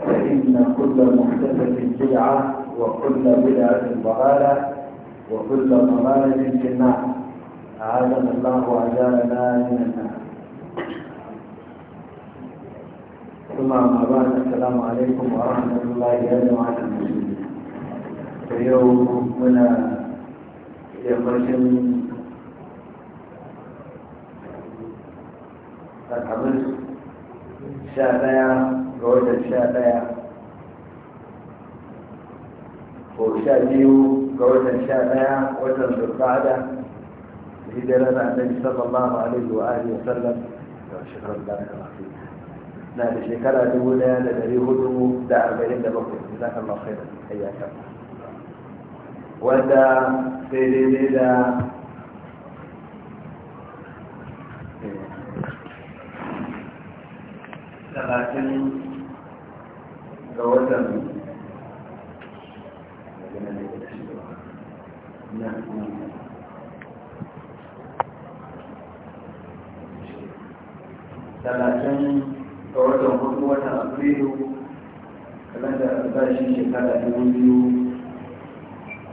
فإن كل محدثة بدعة وكل بدعة ضلالة وكل ضلالة في النار أعاذنا الله وأجارنا من النار ثم أما بعد السلام عليكم ورحمة الله أجمعين جماعة المسلمين اليوم هنا يقسم الحبس شعبان ga watan sha ɗaya ko sha biyu ga watan sha ɗaya watan zulqa'ada hijirar annabi sallallahu alaihi wa alihi wa sallam da shekarar da aka rafi na da shekara dubu ɗaya da dari hudu da arba'in da bakwai da zaka ma kai ayyaka wanda sai daidai da talatin ga watan talatin ga watan hudu watan afrilu kalanda albashin shekara dubu biyu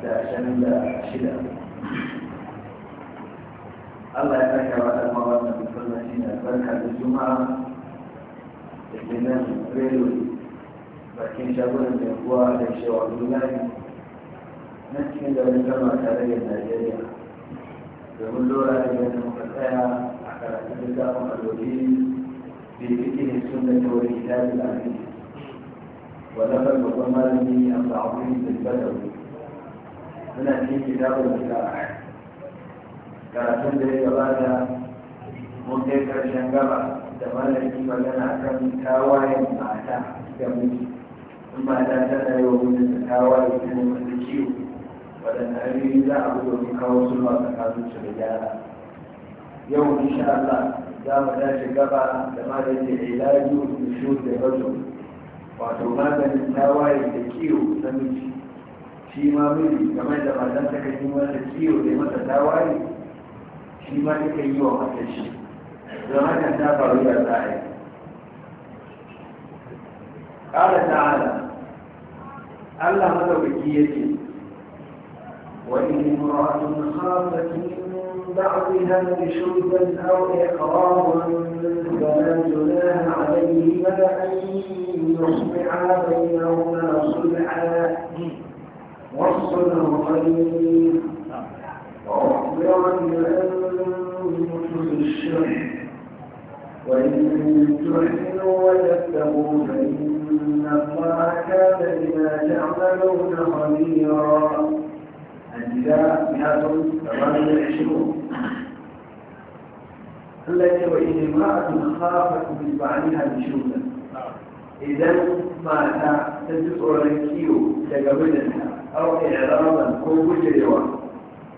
da ashirin da shida Allah ya sake wa ɗan mawa da mutum na da barka da juma'a da ke nan bakin shagunan da kuwa da cewa duniya na cikin garin gama tarayyar najeriya domin lura da yadda muka tsaya a karatun da zafin alobi bibikin sun da tori kitabin amin wadafar babban malami a da bilbadawi muna cikin kitabun da karatun da ya gabata mun kai karshen gaba da malami magana kan tawayen mata da miji da ta tana yi wa mijinta kawo da ita ne mata ciwo waɗanda hanyoyi za a bi domin kawo sulma tsakanin su da gyara yau insha Allah za mu dace gaba da maganin ilaju da shu da bazo wato maganin tawaye da kiwo na miji shi ma miji game da matan ta kan yi masa kiwo da masa tawaye shi ma ta kan yi wa matan shi don haka ta faru da za a yi قال تعالى الله توجيهك وإن امرأة خافت من بعضها بشوبا أو إقرارا فلا جناه عليهما أن يصبحا بينهما صلحا والصلح خير وأخبرن أن تبشر وإن تحسنوا وتتقوا فإن الله كان بما تعملون خبيرا النساء مئة ثمانية وعشرون التي وإن امرأة خافت من بعدها نشوزا إذا مات تجسر الكيو تقبلها أو إعراضا أو بجروا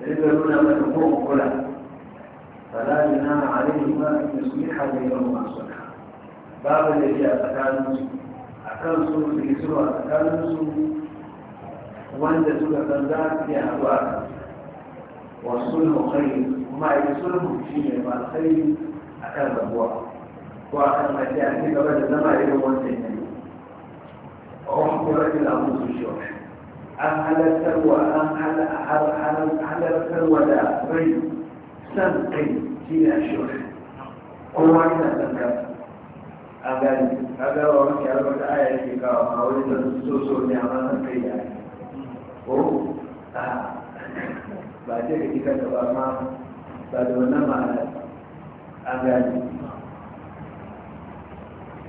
يقولون من هم قلت فلا جناح عليهما أن يصلحا بينهما صلحا باب الذي أتكلم أكل سوء في سوء أتكلم سوء وأنت سوء فلذات في أهواك والصلح خير وما يصلح شيء مع الخير أكل أبواب واخر ما تأتي قبل زمان إلى وانتهي وأحضرت الأمر في الشرح أهل الثروة أهل أهل أهل الثروة لا بيت san kai shi ne ashur kowa yana san kansa a gani a gaba wani yaro da aya yake kawo a wani da so so ne amma san kai ya yi, ko a ba ce ka kika ka ba ma ba da wannan ma'ana a gani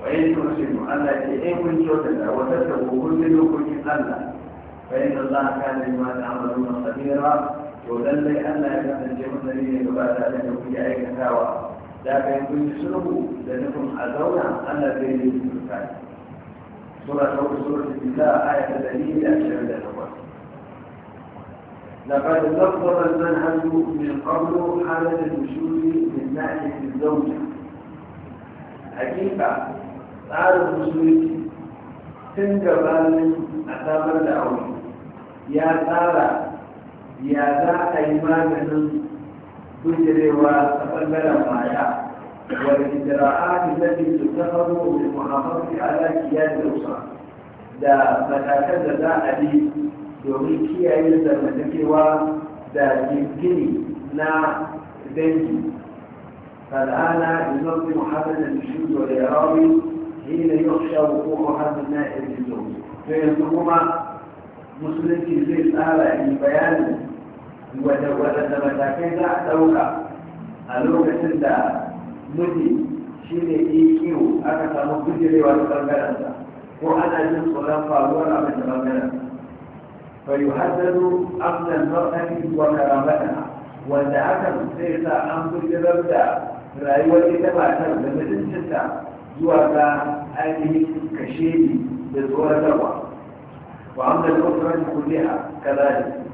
wa yin tursinu Allah ke? in kun kyautata wata da kun bi dokokin Allah fa a Allah kana bima ta'maluna khabira ولن أنا يكون جمع الذين يبقى ذلك في أي كتاوى لكن يكون يسره لأنكم أدونا أن الذين يسرقان سورة سورة سورة النساء آية الدليل أشهر الأول لقد نظر المنهج من قبل حالة النشوز من ناحية الزوجة حقيقة تعالى المسلمين تنقبل أثابا لأولي يا تعالى ya za a yi maganin gujirewa ta ɓangaren maya والإجراءات التي تتخذ للمحافظة على كيان الأسرة da matakan da za a bi domin kiyaye zamantakewa da jirgini na dangi فالآن ينظم حفلة الشيوخ والإعرابي حين يخشى وقوع هذا النائب الزوج فينظمها مسلم في زي في بيان wadanda matakai za a ɗauka a lokacin da muji shi ne ikiyo aka samu gujirewa ta ɓangarensa ko ana jin tsoron faruwar abin da bai yi haddadu amnan mar'ani wa karamata wanda hakan zai sa an gujirar da rayuwar ita matar da mutuncinta zuwa ga ainihin kashe da tsoratarwa wa amnan mar'ani kulliha kazalika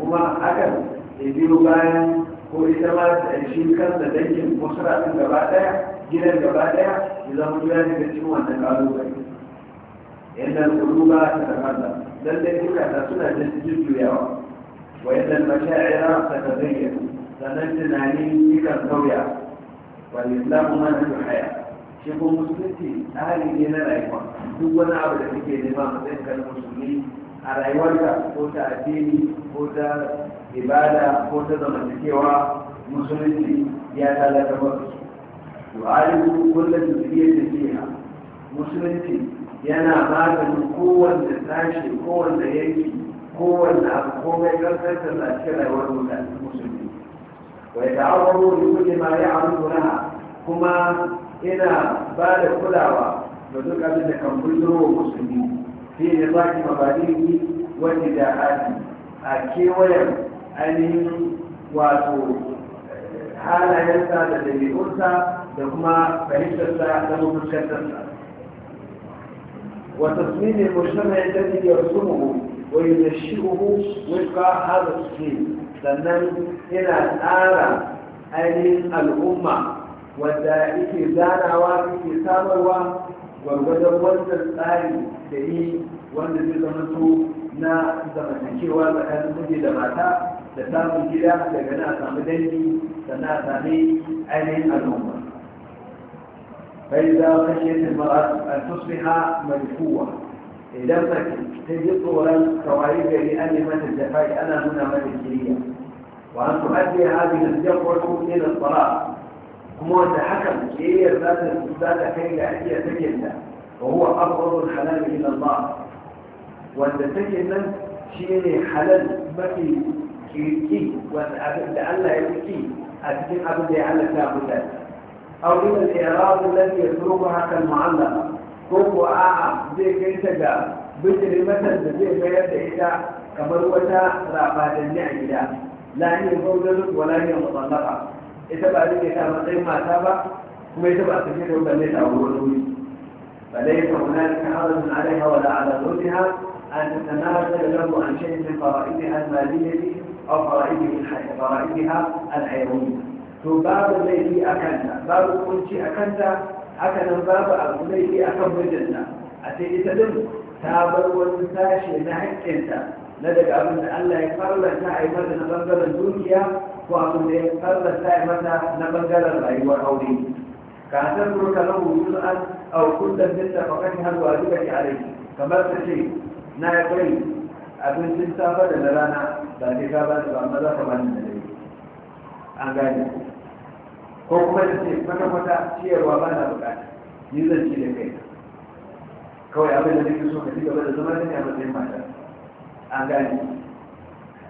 kuma hakan ya biyo bayan ko ita ma ta shi kansa dangin musulatin gaba daya gidan gaba daya ya zama juya daga cikin wannan ƙalubale yadda ba ta don dai lallai ta suna da juyawa wa yadda mashaira ta tazayyana sannan tunani yakan sauya wa islamu ma na haya shi ko musulunci tsari ne na rayuwa duk wani abu da kake nema zai kan musulmi a rayuwarka ko ta addini ko ta ibada ko ta zamantakewa musulunci ya talata su alibu kullum da fiha musulunci yana maganin kowanne tashi kowanne yanki kowanne abu komai karkarta a cikin rayuwar musulmi wa ya ta'awwaru li kuke ma ya'malu laha kuma ina ba da kulawa da duk abin da kan bullo musulunci. في نطاق مبادئه وابتداءاته أكيويا أنهم هذا حالا ينسى لدي أنسى لهما فهمتسى له مشكلتسى وتصميم المجتمع الذي يرسمه وينشئه وفق هذا التصميم sannan gwargwadon wancan tsari da yi wanda zai zama su na zamantakewa tsakanin miji da mata da samun gida daga na samu dangi sannan a sami ainihin al'umma Bai za فإذا خشيت a أن mai مدفوعة idan mace ta ji tsoron kawai gari an yi mata jafai ana nuna mata kiriya wa an tu'addi hadhihi al-jafwa ila da salat kuma wanda hakan kiyayyar za ta za ta kai ga iya sakin da wa huwa aqrabul halal ila Allah wanda sakin nan shine halal mafi kirki wanda abin da Allah ya fiki a cikin abin da ya halatta mutane aw ila al-i'rab alladhi yatrukuha kal mu'allaq ko ko a'a zai kai ta ga matan da zai bayar da ita kamar wata rabadanni a gida la yin zaujatu wala yin mutallaka ita ba rike ta matsayin mata ba kuma ita ba ta ce da balle ta abu wani wuri فليس هنالك حرج عليها ولا على زوجها أن تتنازل له عن شيء من فرائدها المالية أو فرائدها الحيوية to babu laifi a kanta babu kunci a kanta haka nan babu abu laifi a kan mijinta a sai ita din ta bar wani sashe na haƙƙinta na daga abin da Allah ya farlanta a yi da na bangaren dukiya ko abin da ya tsallasa ya mata na bangaren rayuwar aure ka san turka na hudu an aukun da zinta fakan har wa duka ki alai kamar ta ce na ya kai abincin safa da na rana ba sai ka ba ta ba amma za ka ba ni da dai an gane ko kuma ta ce kwata-kwata ciyarwa ba na bukata ni zan ci da kai kawai abin da nake so ka ci gaba da zama da ne a matsayin mata an gane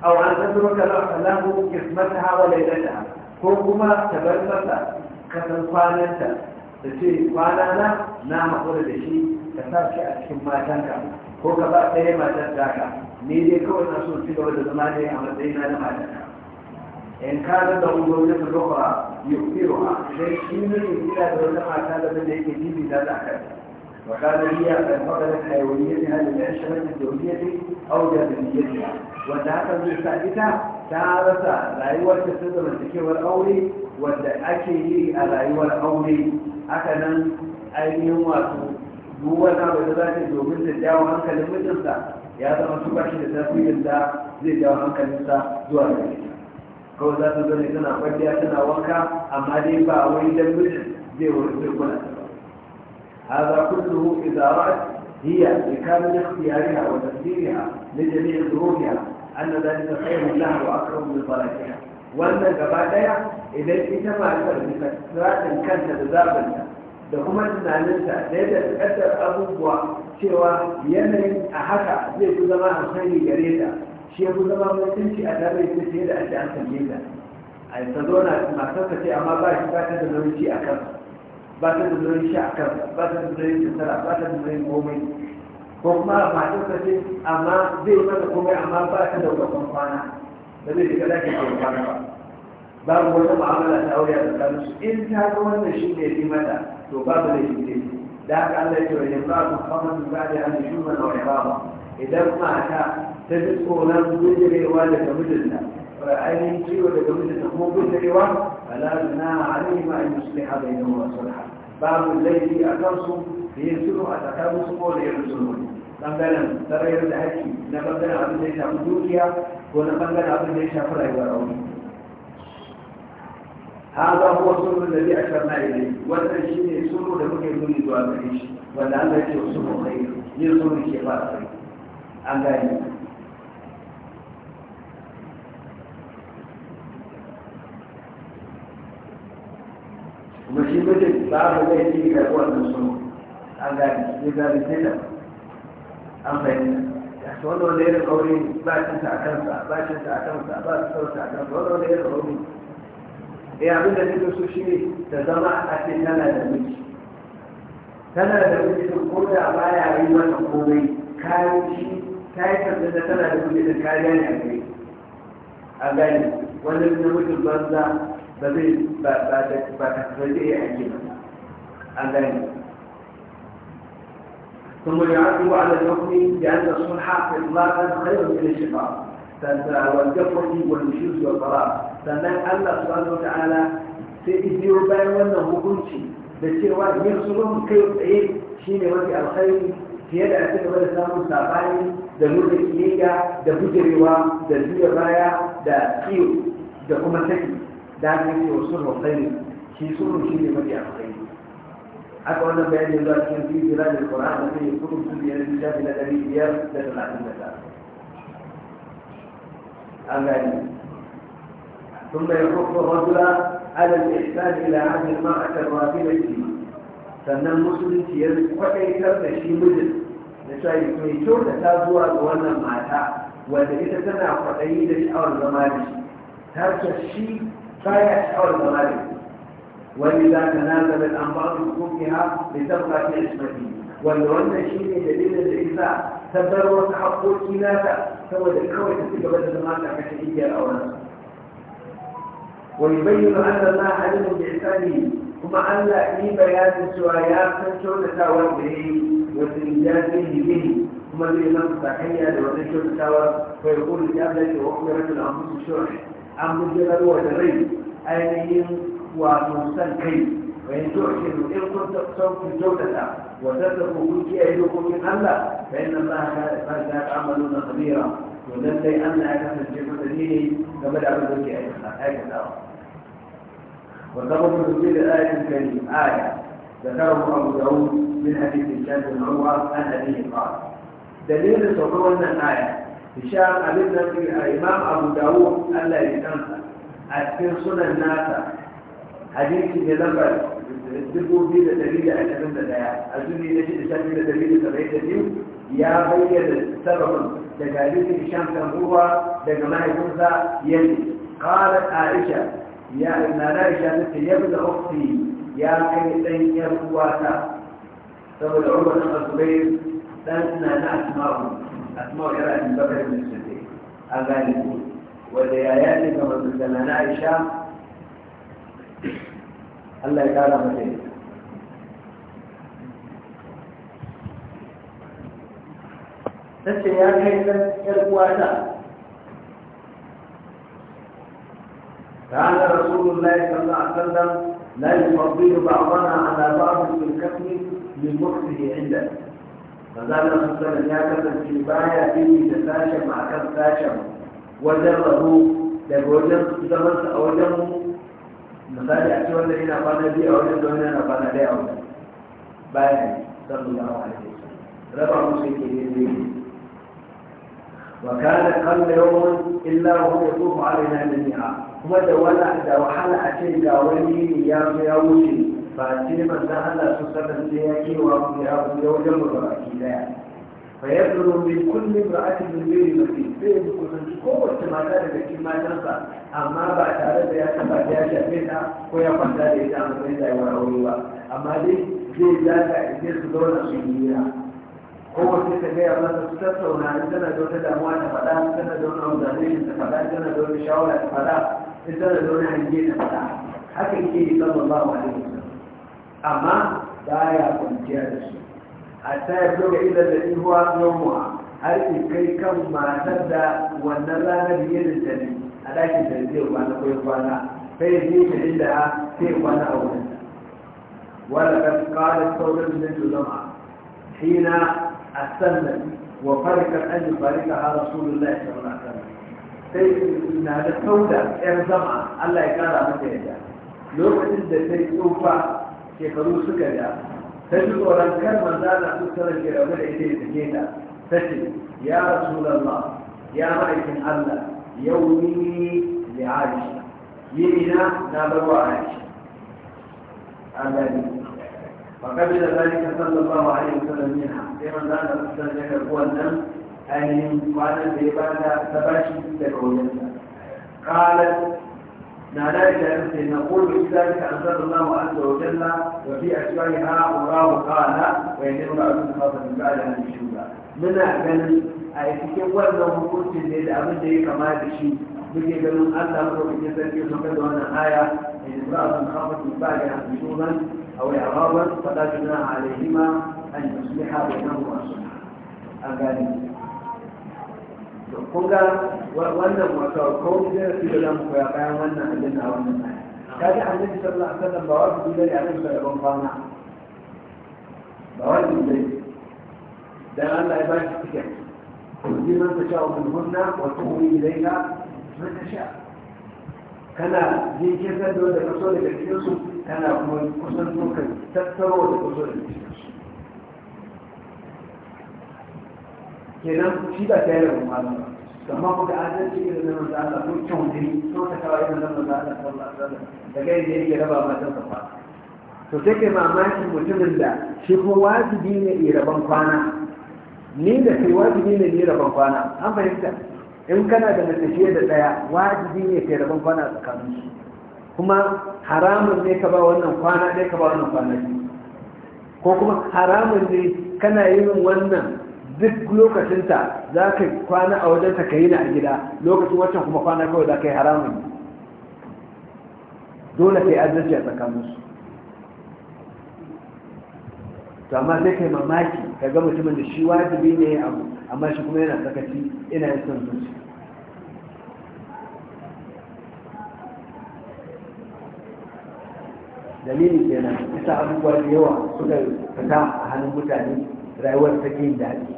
أو أن تترك له قسمتها وليلتها كوكما تبرمت كتنقانتا تشيري قانانا نام قول بشي كتاب شيء أشكم ما تنكا ko ka ba ɗaya matar taka ni dai kawai na so ci gaba da zama ne a matsayina na matata in ka da da ungo ne ka yi fiwa sai shi ne ina da wata mata da da yake jibi da za ka وقال هي المرأة الحيوانيتها للعشرة الدولية أو جاذبيتها وأن هذا المستعدتها تعرف رأيوة السيدة المنتكية والأولي وأن أكيه رأيوة الأولي أكنا ainihin wato duk wani abu da za ta domin ta jawo hankalin mijinsa ya zama su da tasirin da zai jawo hankalinsa zuwa da shi kawai za ta zo ne wanka amma dai ba wai dan mijin zai zai هذا كله إذا رأت هي بكامل اختيارها وتقديرها لجميع ظروفها أن ذلك خير لها وأكرم من بركتها وأن جبادها إذا اتفع أكثر بفترات كانت بذابا دهما تنا ننسى ليس أكثر ابوك سوى يمن أحكى زي كلما أخيني جريده شيء كلما تمشي أدابة تسير أنت أنت جيدا أي تدونا ما تفتي أما باش باش انه شيء اكثر. ba ta gudunar shi a kan ba ta gudunar shi tara ba ta gudunar komai ko kuma matar ta ce amma zai mata komai amma ba ta da kwakwan kwana da zai shiga dakin kwakwan kwana ba babu wata ma'amala ta aure a tsakanin su in ta ga wannan shi ne yi mata to babu da shi yi da haka Allah ya ce wa yamma ku kama su ba da hannu shi mana wa yamma idan mata ta ji tsoron gudunar daga mijinta ainihin ciwo daga mijinta kuma gudarewa halalina alaihima an yusliha bainahuma sulha babu laifi a kansu da yin a tsakanin su ko da yin sulhu bangaren sarayar da haƙƙi na bangaren abin da ya shafi dukiya ko na bangaren abin da ya shafi rayuwar aure هذا هو السر الذي أشرنا إليه والأشياء السر لم يكن يدعى به ولا أن يكون خير يصل الشفاء خير أما kuma shi mutum babu zai yi karɓi wannan suna an gani ya gani sai da an fahimta ya su wanda wanda ya da ƙauri ba cinta a kansa ba cinta a kansa ba su sauta a kansa wanda wanda ya da ƙauri eh abin da nake so shi ne ta zama a ce tana da miji tana da miji ko da baya yi mata komai kayan shi ta yi tsantsanta tana da miji da kariya ne a kai a gani wani mutum banza ba zai ba ba ba ta zai da aiki ba an gani ثم يعد على الحكم بأن الصلح إطلاقا خير من الشقاق والجفوة والنشوز والطلاق sannan Allah subhanahu ta'ala sai biyo bayan wannan hukunci da cewa yin sulhun kai tsaye shine mafi alkhairi fiye da ake gaba da samun sabani da nuna kiyayya da bujirewa da juya baya da kiyo da kuma saki da aka yi wa sulhu khairi shi sulhu shi ne mafi alkhairi haka wannan bayanin zuwa cikin fi jira da qur'an da sai kudu su biyar da shafi na dari biyar da talatin da tara an gani ثم يكف الرجل على الإحسان إلى عهد المرأة الراتبة فيه sannan musulunci ya kwaɗaitar da shi mijin da shayi mai kyau da ta zuwa ga wannan mata wanda ita tana kwaɗayi da sha'awar zama da shi ta shi فهي حول المغرب وإذا تنازل الأمراض بكوكها لتبقى في عصمته والوالد شيء دليل الإنساء تبدأ تحقق الكنافة سوى الكوي تلك بدل ما تحكي أو ويبين أن الله علم بإحسانه ومع أن في بيان السوايات تنشر تساور به وتنجازه به ثم الذي تحية تتحيى لوضع تساور فيقول لأبلك وأخبرت الأنفس الشرح an bujirar wa da rai ainihin wato san kai bayan tuhsinu in kun sauki kyautata wa tattaku kun kiyaye dokokin Allah fa inna Allah ka ta'maluna khabira to lallai Allah ya kasance masani ne game da abin da ke aikatawa wa sababun nuzul ayatin karim aya ذكره أبو داود من حديث هشام بن عروة عن أبيه قال دليل صدور الآية hisham abin da ke a imam abu dawud allah ya kansa a cikin sunan nasa hadisi ne lambar dubu biyu da dari da ashirin da daya azumi na shi sha biyu da dari da sabai da biyu ya bayyana sababin daga hadisin hisham kan ruwa daga mahaifinsa yanzu قالت عائشة ya kai عائشة يبدأ أختي يا saboda Umar قواتا فهو dan na na نسمعه أسماء إرى أن بكر بن الصديق أغانيه وليالي كما تسمعنا عائشة الله يقال مسيح tace ya kai ɗan ƴar رسول الله صلى الله عليه وسلم لا يفضل بعضنا على بعض في الكفن لمكره عنده manzana sassanin ya kasance baya bini da sashen ma kan sashen wajen rabu daga wajen zamansa a wajen mu misali a ce wanda yana kwana biyu a wajen da wani yana kwana ɗaya a wajen bayan sallallahu alaihi wasallam raba musu yake daidai وكان قبل يوم إلا وهو يطوف علينا جميعا kuma da wani da wahala a ce ga wani ya zo ya wuce ba ce manzan Allah su kasance ya kewa ku ya ku ya wajen mu ba ki daya fa yadru bi kulli ra'atin min ghairi nasi sai ku kusanci kowace mata daga cikin matansa amma ba tare da ya taba ya shafe ta ko ya kwanta da ita a matsayin rayuwar aure ba amma dai zai zaka idan su zauna su yi kowace ta gaya masa su tattauna in tana da wata damuwa ta faɗa in tana da wani organization ta faɗa in tana da wani shawara ta faɗa in tana da wani hange ta faɗa haka yake yi sallallahu alaihi wasallam amma ba ya kwanciya da su a ta ya fi idan da huwa yawmuwa har in kai kan matar da wannan ranar yin da ne a dakin da zai kwana kai kwana sai ya yi ta inda sai kwana a wurin wanda kan kawai sauran da zama hina a sannan wa farkar an yi farika a rasulullahi sallallahu alaihi wasallam sai na da sauda yar zama Allah ya kara mata yadda lokacin da sai tsufa shekaru suka ja ta ji tsoron kan manza na tsara ke rabu da ita da ke ta ta ce ya rasu ma ya ma'aikin allah yau ni ne da aisha yi ni na na bar wa aisha allani bakar da zai ka sallama wa aisha sallan yana sai manza na tsara ke karbu wannan ainihin kwanan da ya ba ta ta ba shi daga wajen ta kalan نادى إلى نقول بذلك أنزل الله عز وجل وفي أشباهها أراه قال ويدعو أبن خاطر من بعد أن يشوفها من أجل أي cikin wannan hukuncin ne da abin da ya kama da shi muke ganin Allah ko bikin sarki sun kada wannan aya in za su kafa su ba da hasunan aw ya rawan fada juna alaihima an yusliha bainahuma Kunga ga wannan wato ko da su da zamu koya bayan wannan abin da wannan ne kaga annabi sallallahu alaihi wasallam ba wani dole ya rubuta da kwana ba wani dole dan Allah ya ba shi tiket ji man ta shawo min hunna wa tuwi ilaina man ta sha kana jinkirtar da wanda kaso daga cikin su kana kuma kusan so ka tattaro da kaso daga cikin kenan shi ba ta yi da mu'amala ba kuma kuka adalci irin na manzo Allah ko kyau ne ko ta yi irin na manzo Allah sallallahu Da wasallam ne yadda yake raba matan sa kwana to sai kai mamaki mutumin da shi ko wajibi ne yi raban kwana ni da kai wajibi ne yi raban kwana an fahimta in kana da mace da daya wajibi ne kai raban kwana tsakanin su kuma haramun ne ka ba wannan kwana ne ka ba wannan kwana ko kuma haramun ne kana yin wannan duk lokacinta za ka kwana a wajenta ka yi na a gida lokacin wacce kuma kwana kawai za ka yi haramun dole ka yi azirci a tsakaninsu to amma zai kai mamaki ka ga mutumin da shi wajibi ne abu amma shi kuma yana sakaci ina yin son zuci dalili kenan ita abubuwa da yawa suka fita a hannun mutane rayuwar take yin daɗi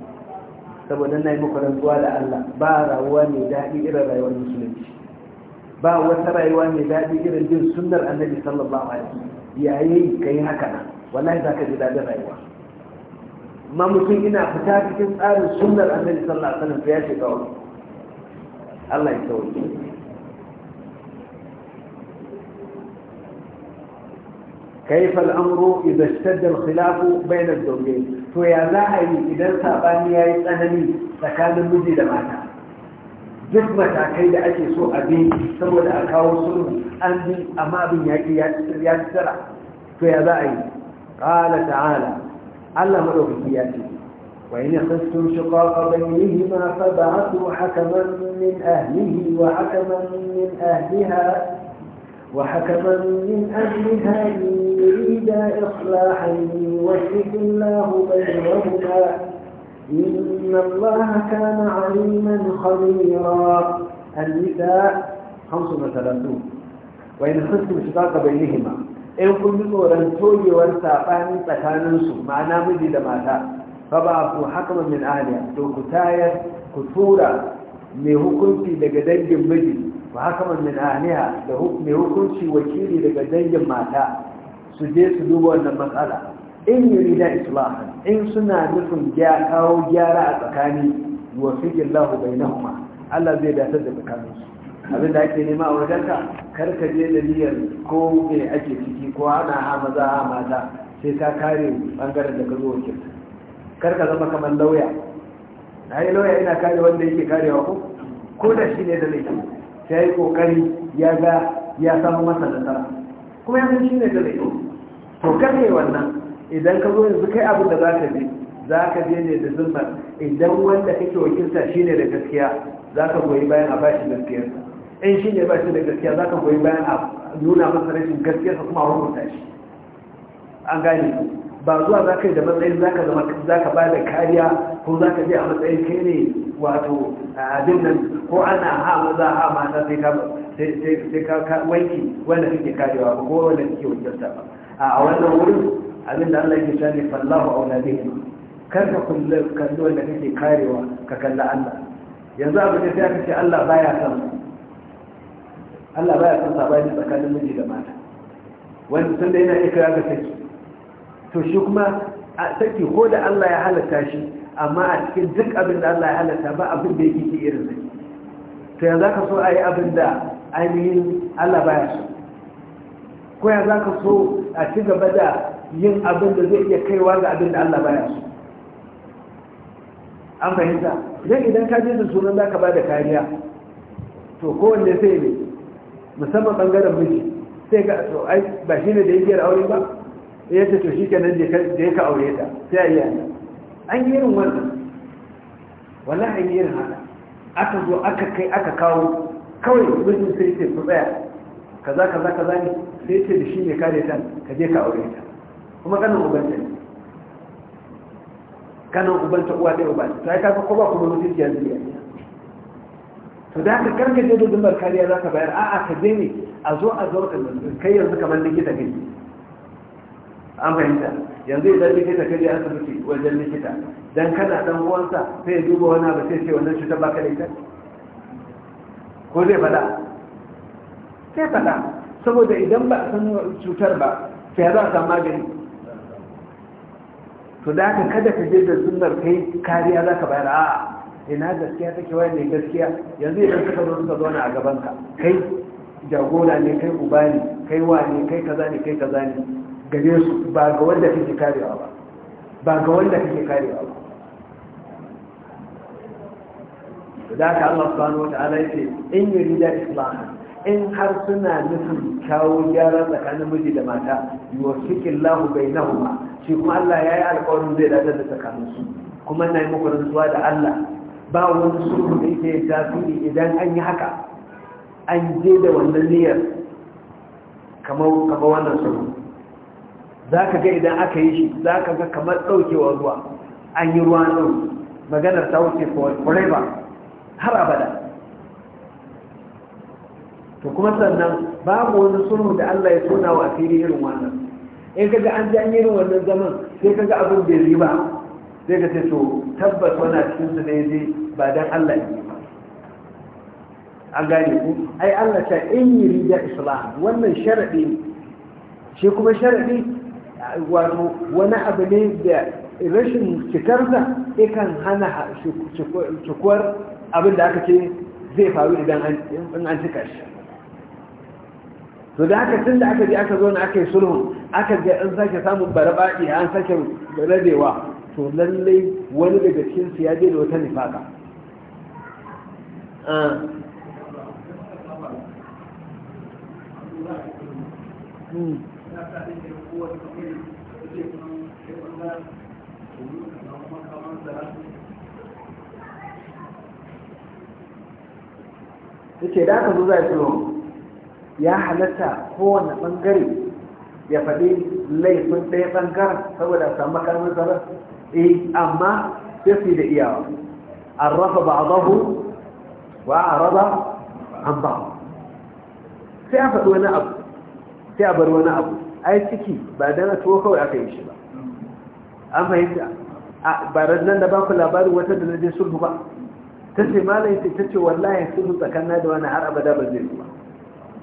saboda nan yi muku rantsuwa da Allah ba rayuwa mai daɗi irin rayuwar musulunci ba wata rayuwa mai daɗi irin jin sunnar annabi sallallahu alaihi wasallam yayi kai haka nan wallahi zaka ji daɗin rayuwa amma mutum ina fita cikin tsarin sunnar annabi sallallahu alaihi wasallam ya ce ga wani Allah ya sauke كيف الأمر إذا اشتد الخلاف بين الزوجين to ya za a yi idan sabani ya yi tsanani tsakanin miji da mata duk matakai da ake so a bi saboda a kawo sulhu an bi amma abin ya ki ya tsara to ya za a yi ƙala ta'ala allah maɗaukaki ya ce وإن خفتم شقاق بينهما فبعثوا حكما من أهله وحكما من أهلها وحكما من أجلها يريد إصلاحا يوشك الله بينهما إن الله كان عليما خبيرا النساء خمس وثلاثون وإن خذتم شطاق بينهما إن كنتم رنتوي وانتاقان تكاننسوا معنا مجد ماذا فبعثوا حكما من أهلها تو كثورا كثورة من هكوتي لقدنج مجد ba haka ba min da mai hukunci wakili daga dangin mata su je su duba wannan matsala in yi yurida islahan in suna nufin kawo gyara a tsakani wa fikin lahu bainahuma Allah zai datar da tsakaninsu abin da ake nema a wajenka kar je da niyyar ko ne ake ciki ko ana ha maza ha mata sai ka kare bangaren da ka zo wakilta kar zama kamar lauya na yi lauya ina kare wanda yake karewa ko ko da shi ne da laifi ya yi kokari ya ga ya samu masa nasara kuma ya san shi ne da zai to kare wannan idan ka zo yanzu kai abin da za ka je za ka je ne da zimmar idan wanda kake wakilta shi ne da gaskiya za ka goyi bayan a bashi gaskiyar in shi ne bashi da gaskiya za ka goyi bayan a nuna masa rashin gaskiyarsa kuma a hukunta shi an gane ba zuwa za ka yi da matsayin za ka ba da kariya ko za ka je a matsayin kai ne wato abin nan ko ana ha maza ha mata sai ka wanki wanda kake karewa ba ko wanda kake wakilta ba a wannan wurin abin da Allah yake cewa fallahu aula bihi kar ka kulle kallo wanda kake karewa ka kalla Allah yanzu abin da sai aka ce Allah baya san Allah baya san sabani tsakanin miji da mata wanda sun da yana ikira ka saki to shi kuma a saki ko da Allah ya halatta shi amma a cikin duk abin da Allah ya halatta ba abin da yake irin zai. to ya zaka so ayi abin da ainihin Allah baya so ko ya zaka so a ci gaba da yin abin da zai iya kaiwa ga abin da Allah baya so an fahimta idan idan ka je da sunan ka ba da kariya to kowanne sai ne musamman bangaren miji sai ga to ai ba shine da yake aure ba ya ce to shi kenan da ya ka aure ta sai a yi an yi irin wannan wala an yi irin haka aka zo aka kai aka kawo kawai mutum sai ce ku tsaya kaza kaza kaza ne sai ce da shi ne kare ta ka je ka aure ta kuma kanan ubanta ne kanan ubanta uwa ɗaya uba ta yi kafa kuma kuma mutunci ya ya to da ka karkace da dumbar kariya za ka bayar a'a ka je ne a zo a zo kai yanzu kamar likita kai an fahimta yanzu idan likita kaje asibiti wajen likita dan kana dan uwansa sai ya duba wani abu sai ce wannan cutar baka da ita ko zai fada sai fada saboda idan ba a san cutar ba sai za a samu magani to da haka kada ka je da sunnar kai kariya za ka bayar a'a ina gaskiya take wayar ne gaskiya yanzu idan suka zo suka zauna a gaban ka kai jagora ne kai uba ne kai wane kai kaza ne kai kaza ne gare su ba ga wanda kake karewa ba ba ga wanda kake karewa ba da ka Allah subhanahu wata'ala yake in yurida islahan in har suna nufin kawo gyara tsakanin miji da mata yuwaffiqil lahu bainahuma shi kuma Allah yayi alƙawarin zai dadar da tsakanin su kuma ina yi muku rantsuwa da Allah ba wani sulhu da yake tafi idan an yi haka an je da wannan niyyar kamar kamar wannan sulhu za ka ga idan aka yi shi za ka ga kamar ɗaukewa ruwa an yi ruwa nan maganar ta wuce forever har abada to kuma sannan babu wani sulhu da Allah ya tona wa asiri irin wannan in ga an ji an yi irin wannan zaman sai kaga abin bai riba sai ka ce to tabbas wani cikin su ne je ba dan Allah ne ba an gane ku ai Allah ta in yi rija islam wannan sharadi shi kuma sharadi wato wani abu ne da rashin cikarsa yakan hana cikuwar abin da aka ce zai faru idan an cika shi to da haka tun da aka je aka zo na aka yi sulhun aka ga an sake samun barbaɗi an sake rabewa to lallai wani daga cikinsu ya je da wata nifaka ah. Hmm. yake da aka zo za su ya halatta kowane ɓangare ya faɗi laifin ɗaya ɓangaren saboda samu makarmin zarar eh amma sai su da iyawa an rafa ba a zahu wa a raba an ba sai a faɗi wani abu sai a bar wani abu ai ciki ba dana tuwo kawai aka yi shi ba an fahimta barar nan da ba ku labarin wata da naje sulhu ba ta ce malai ce ta ce wallahi sulhu tsakanin da wani har abada ba zai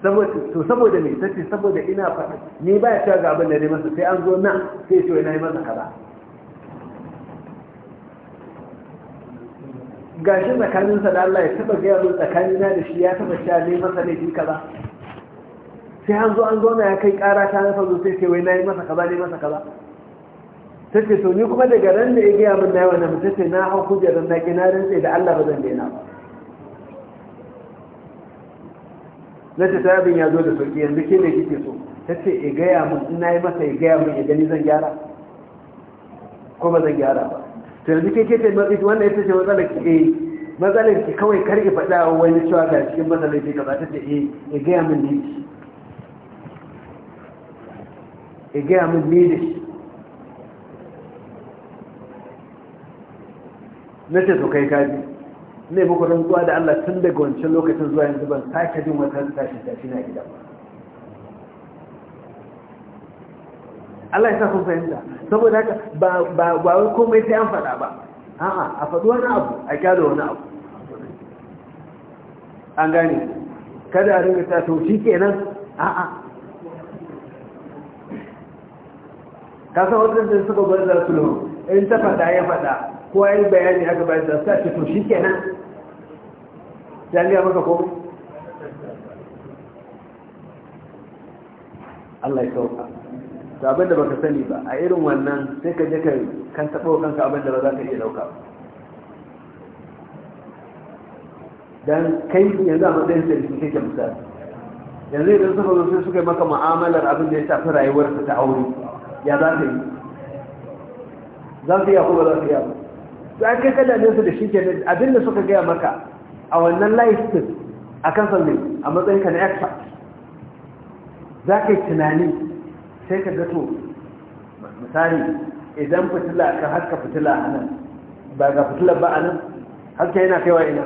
zuwa to saboda me ta ce saboda ina faɗi, ni ba ya cewa ga abin da ne masa sai an zo nan sai ce wani masa kaza gashin tsakaninsa da Allah ya taba gaya mun tsakanina da shi ya taba sha ne masa laifi kaza sai an zo an zauna ya kai kara ta na zo sai ce wai na yi masa kaza ne masa kaza ta ce sau ni kuma daga ran da ya gaya min na yi wannan ta ce na hau kujerar na gina na sai da Allah ba zan daina ba na ce ta abin ya zo da sauƙi yanzu ke ne kike so ta ce ya e gaya min in na yi masa ya e gaya min ya gani zan gyara ko ba zan gyara ba to yanzu ke kece matsayi wannan ya ce matsalar ki eh matsalar ki kawai kar ki faɗa wani cewa ga cikin matsalar ki kaza ta ce eh ya e gaya min ne ya gaya min ni da shi na ce to kai kaji ne muku zuwa da Allah tun daga wancan lokacin zuwa yanzu ban sake jin wata tashi tashi na gida ba Allah ya sa kun fahimta saboda haka ba ba wai komai sai an faɗa ba a'a a faɗi wani abu a kyalo wani abu an gane kada a ringa ta to shi kenan a'a ka san da suka bar da su lahu in ta faɗa ya faɗa ko ya yi bayani aka bayar da sa ce to shi kenan ya liya maka ko? Allah ya sauka to abinda baka sani ba a irin wannan sai ka je kai kan taɓa kanka abinda ba za ka iya ɗauka don kai yanzu a matsayin su ke misali yanzu idan suka zo sai suka yi maka mu'amalar abin da ya shafi rayuwarsa ta aure ya za ka yi za su kuma za su iya su an kai kada su da shike ne abin da suka gaya maka a wannan laifin a kan sannan a matsayin ka na expert za ka yi tunani sai ka gato misali idan fitila ka haska fitila a nan ba ga fitila ba a nan haska yana kaiwa ina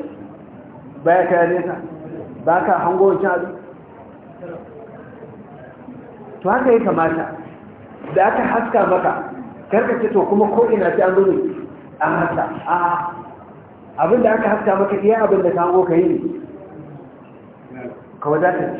baya kaya nesa ba ka hango wancan abin to haka yi kamata da aka haska maka karka ce to kuma ko ina ce an zo ne an haska a abin da aka haska maka iya abin da ka hango ka yi ne ka wadatar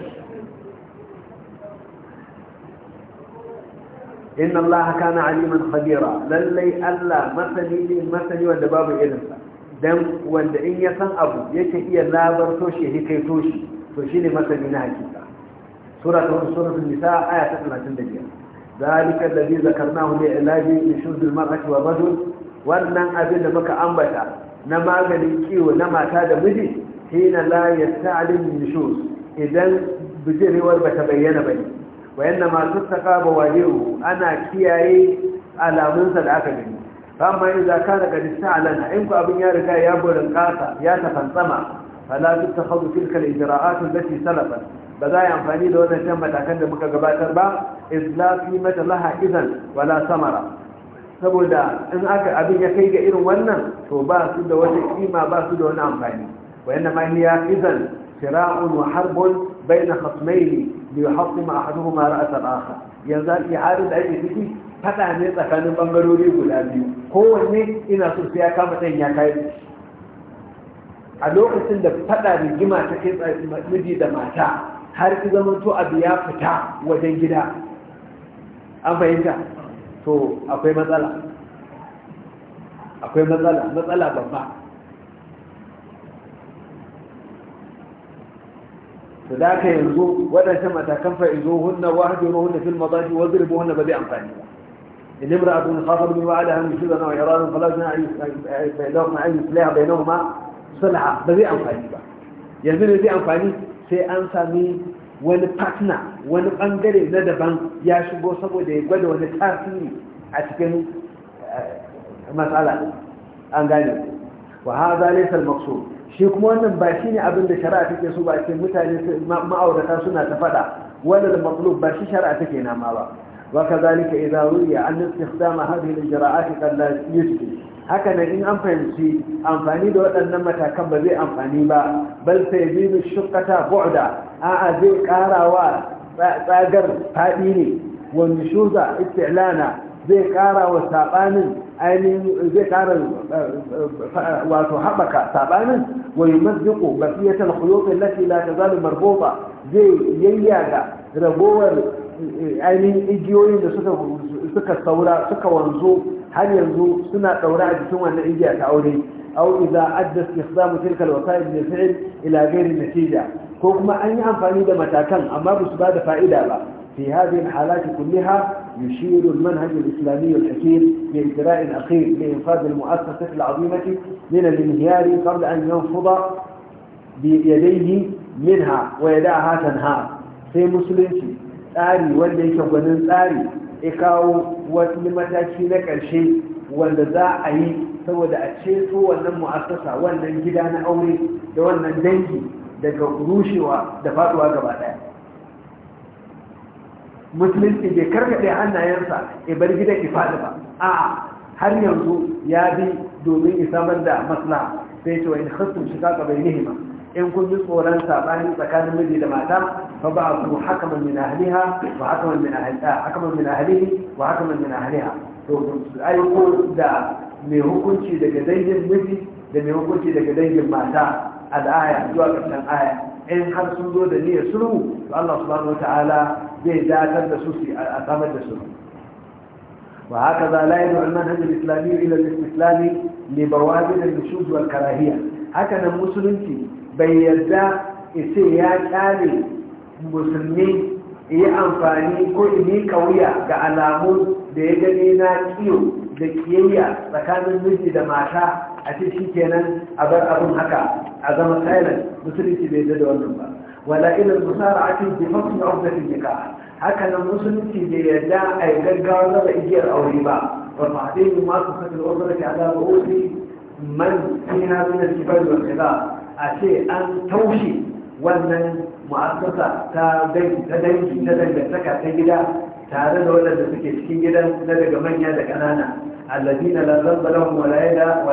inna Allah kana aliman khabira lallai Allah masani ne masani wanda babu irinsa dan wanda in ya san abu yake iya labar toshe ya kai toshe to shi ne masani na hakika sura ta sura nisa aya ta 35 ذلك الذي ذكرناه لعلاج لشرب المرأة والرجل wannan abin da muka ambata na maganin kiwo na mata da miji hina la yasta'lim nushus idan bijirewar bata bayyana ba ne wayanna ma tattaka ba wajiru ana kiyaye alamunsa da aka gani amma idan kana ga ta'alana in ku abin ya riga ya burin kasa ya tafantsama fala tattakhadhu tilka al-ijra'at allati salafat ba za a yi amfani da wadannan matakan da muka gabatar ba islafi mata laha izan wala samara saboda in aka abin ya kai ga irin wannan to ba su da wata kima ba su da wani amfani wayan ma hiya izan shira'un wa harbun bayna khasmaini li yuhassima ahaduhuma ra'sa al-akhar yanzu i'adun da ake ciki fada ne tsakanin bangarori guda biyu kowanne ina so sai ya kama ɗan ya kai a lokacin da fada rigima ta kai miji da mata har ki to abu ya fita wajen gida an fahimta to akwai matsala akwai matsala matsala babba to da ka yanzu waɗancan matakan fa'izo hunna wa hajjiro hunna fil mazaji wa zirbo hunna ba zai amfani ba إن امرأة خاطب بما عليها من شبه وإيران فلا جناح بينهما أن yanzu ne zai amfani sai an sami wani partner wani bangare na daban ya shigo saboda ya gwada wani tasiri a cikin eh, matsala an gane wa haza laysa al shi kuma wannan ba ne abin da shari'a take so ba ce mutane ma'aurata suna ta faɗa. wala al-maqlub ba shi shari'a take nama ba وكذلك إذا روي أن استخدام هذه الإجراءات قد لا يجدي haka nan in an fahimci amfani da waɗannan matakan ba zai amfani ba bal sai bibi shukata bu'da a'a zai karawa tsagar faɗi ne wa nushuza istilana zai kara wa sabanin ainihin zai kara eh, wato haɓaka sabanin wa yumazziqu baqiyatal khuyuq allati la tazalu marbuta zai yayyaga ragowar eh, ainihin igiyoyin da suka suka saura suka wanzu هل يبدو سنة دوراء بثم أن إجاء تعوري أو إذا أدى استخدام تلك الوسائل من الفعل إلى غير النتيجة كما أن ينفعني دم تاكن أما بسبادة فائدة لا في هذه الحالات كلها يشير المنهج الإسلامي الحكيم بإجراء الأخير لإنفاذ المؤسسة العظيمة من الانهيار قبل أن ينفض بيديه منها ويداها تنهار في مسلمتي آري والذي يشغلن آري ya kawo wani mataki na ƙarshe wanda za a yi saboda a ceto wannan mu'assasa wannan gida na aure da wannan dangi daga rushewa da faduwa gaba ɗaya. musulunci bai karkaɗe hannayensa ya bar gidan faɗi ba a har yanzu ya bi domin samar da maslaha sai ce wa in khasum shiga bai nihima in kun yi tsoron saɓani tsakanin miji da mata fa ba a su hakaman min haliha. wa hakaman min ahliha ah, hakaman min ahlihi wa hakaman min haliha. to su aiko da mai hukunci daga dangin miji da mai hukunci daga dangin mata al'aya zuwa ƙarshen aya in har sun zo da niyyar sulhu to Allah subhanahu wataala zai dakatar da su su a samar da sulhu وهكذا لا يدعو المنهج الإسلامي إلى الاستسلام لبوادر النشوز والكراهية هكذا المسلمين bai yarda isi ya kyale musulmi yi amfani ko ini kauya ga alamu da ya gani na kiyo da kiyayya tsakanin miji da mata a ce shi kenan a bar abin haka a zama silent musulunci bai yarda da wannan ba wala ilal musara'ati bi fasl uqdatin nikah haka nan musulunci bai yarda a yi gaggawa da igiyar aure ba wa fa'din ma su fasil uqdati ala ru'usi man fiha min al-kibal wal a ce an taushe wannan mu'assasa ta dangi ta dangi ta dangantaka ta gida tare da waɗanda suke cikin gidan na daga manya da ƙanana alladina la zamba lahum wala yada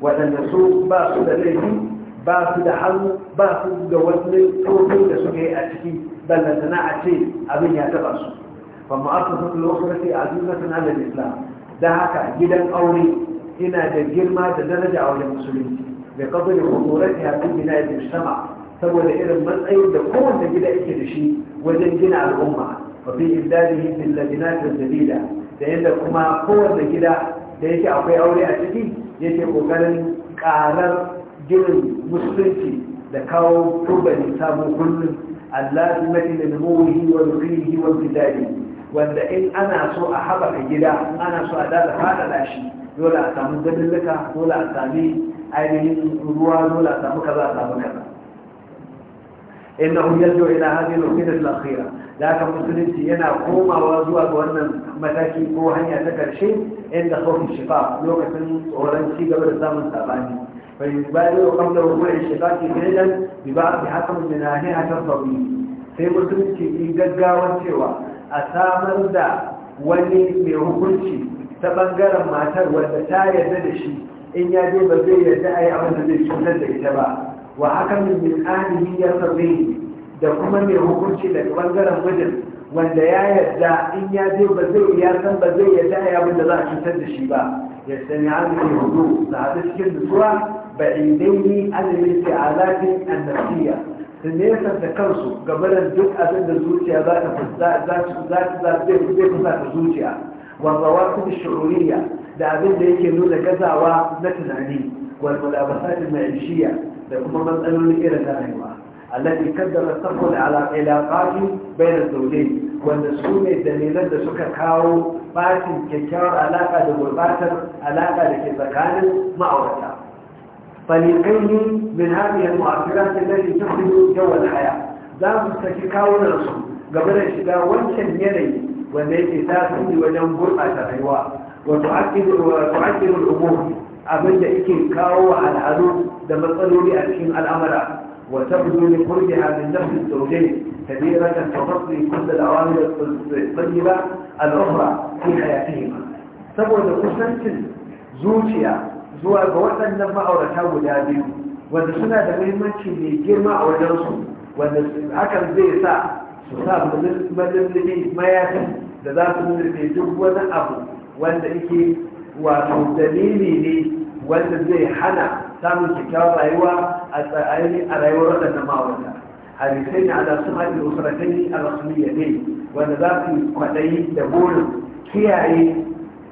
waɗanda su ba su da laifi ba su da hannu ba su da wani da suka yi a ciki ballantana a ce abin ya taɓa su ba mu aka fi lokaci a duniya da islam da haka gidan aure ina da girma da daraja a musulunci لقدر خطورتها في بناية المجتمع سوى لإلى المسأل لكون تجد إكد شيء وزنجنا على الأمة وفي إبداله في اللبنات الجديدة لأن كما قوة تجد ليش أقوي أولي أتدي يجي قولا قارر جن مسلسي لكاو توبة نسابه كل اللازمة لنموه ورقيه وابتدائه وأن إن أنا سوء حبك جدا أنا سوء ذلك هذا الأشي dole a samu gadallaka dole a sami ainihin ruwa dole a samu kaza a samu kaza innahu yarju ila hadhihi al-ukhira da aka musulunci yana komawa zuwa ga wannan mataki ko hanya ta karshe inda sauƙin shifa lokacin tsoron ci gaba da samun sabani fa yubadiru qabla wuqu'i shifaqi fi'lan bi ba'd hakam min nahiha tasawi sai musulunci in gaggawan cewa a samar da wani mai hukunci ta bangaren matar wanda ta yarda da shi in ya je ba zai yarda a yi abin da zai cutar da ita ba wa haka min misalihi ya sarri da kuma mai hukunci daga bangaren mijin wanda ya yarda in ya je ba zai ya san ba zai yarda a yi abin da za a cutar da shi ba ya sani an yi hudu da haɗu cikin nutsuwa ba indaini alimin ta'alatin annasiya su nesa da kansu gabaran duk abin da zuciya za ta zai kusa ta zuciya wanda wasu da da abin da yake nuna gazawa na tunani wal mulabasatin shiya da kuma matsalolin irin na rayuwa allati kaddara safwal ala ilaqati bayna zawjayn wanda su ne dalilan da suka kawo batin kyakkyawar alaka da gurbatar alaka da ke tsakanin ma'aurata faliqaini min hadhihi al-mu'athirat allati tukhribu jawa al-haya za mu saki kawunan su gaba da shiga wancan yanayi wanda yake tasiri wajen gurɓata rayuwa وتعدل الأمور أبدا إكن كاو على أنو دمطلوا لأكين الأمر وتبدو لقربها من نفس الزوجين كبيرة تغطي كل الأوامر الطيبة الأخرى في حياتهما saboda kusancin zuciya zuwa ga waɗannan ma'aurata guda biyu wanda suna da mahimmanci mai girma a wajensu wanda hakan zai sa su sa mulmulmi mayafin da za su mulmulmi duk wani abu وانتكي ومتبيني وانتكي حنا سامو سكار ايوا اتعيني على ايوا رد النماوية حديثين على صحة الأسرتين الرسمية دي ونذاك قدي دبول كياري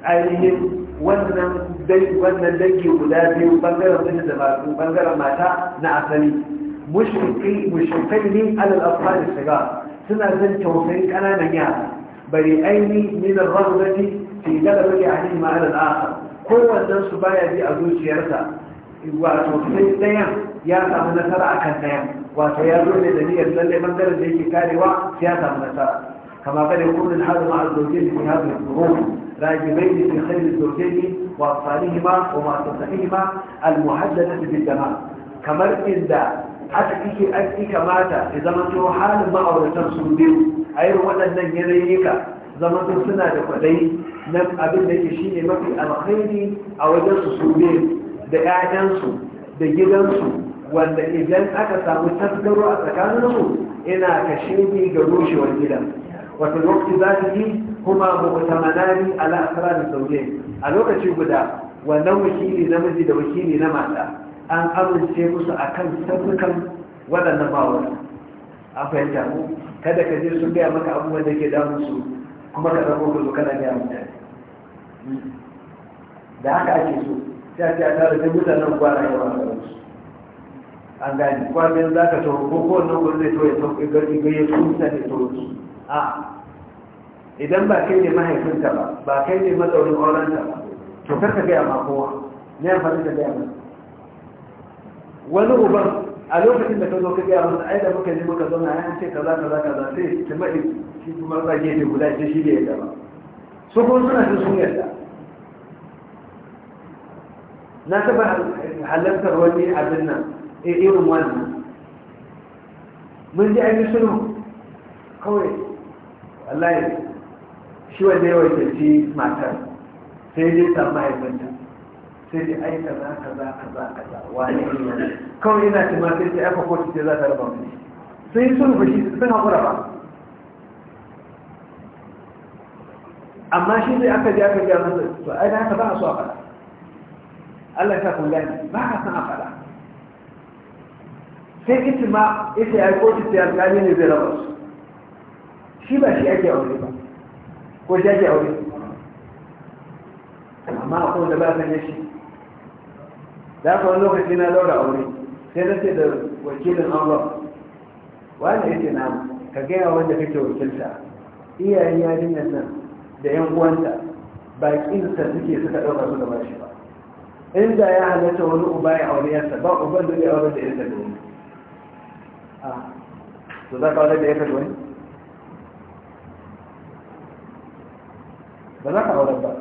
ايهم وانا دي وانا دي ودادي وبنجر من الدبار وبنجر ماتا نعسلي مشكلتي مشكلتي على الاطفال الصغار سنة زن توفين كان انا نيابي بريئيني من الرغبة fi galabar ya hannun ma'adar aka kowannen su baya bi a zuciyarsa wato sai ɗayan ya samu nasara a kan ɗayan wato ya zo ne da niyyar lalle bangaren da yake karewa sai ya samu nasara kama kada kullun hadu ma'a zojin fi hadu zuruhu راجبين في خير الزوجين وأطفالهما ومعتصمهما المحددة بالدماء كمر إذا حتى إيكي أكي كماتا إذا ما تروحان ما أورتن سنديو أيضا أن يريك zama duk suna da kwadai na abin da ke shine mafi alkhairi a wajen su sube da 'ya'yansu da gidansu wanda idan aka samu tasgaro a tsakaninsu ina kashe ga rushewar gidan wata lokaci za ta yi kuma mutamanani ala da sauye a lokaci guda wannan wakili namiji da wakili na mata an amince musu akan sabbukan waɗannan mawar a fahimta kada ka je sun gaya maka abubuwan da ke damun su kuma ka ɗauko ka zo kana gaya mutane da haka ake so sai a ce a tara sai mutanen kwana yawa a su an gani kwanan za ka tauro ko kowane wani zai to ya sauƙi gari ga ya tsunta su a idan ba kai ne mahaifinta ba ba kai ne matsaurin aurenta ba to karka gaya ma kowa ne amfani da gaya ma wani uban a lokacin da ka zo ka gaya musu ai da muka je muka zauna ya ce kaza kaza kaza sai ta mai shi kuma ba yi guda ce shi da yadda ba su kuma suna jin sun yadda na taba halartar wani abin nan a eh, irin wannan mun ji an yi sulhu kawai wallahi shi wanda ya ci matar sai ya je samu mahaifinta sai dai ai kaza kaza kaza kaza wani ne kawai yana cima sai dai aka kotu ce za ta raba mu sai yi sulhu sun haƙura ba amma shi zai aka ji aka ji a masa to ai da haka ba a so a faɗa Allah ya sa kun gani ba a san a faɗa sai kici ma ita ya kotu ce alƙali ne zai raba su shi ba shi ake aure ba ko shi ake aure amma akwai da ba yi shi. da haka lokaci na daura aure sai na ce da wakilin allah wani ya ce na ka gaya wanda kake wakilta iyayen yarinyar nan da yan uwanta ba kinsa suke suka ɗauka su da ba shi ba inda ya halatta wani uba ya aure yarsa ba uban da ya aure da yarsa da wani ah, to za ka aure da yarsa da wani ba za ka aure ba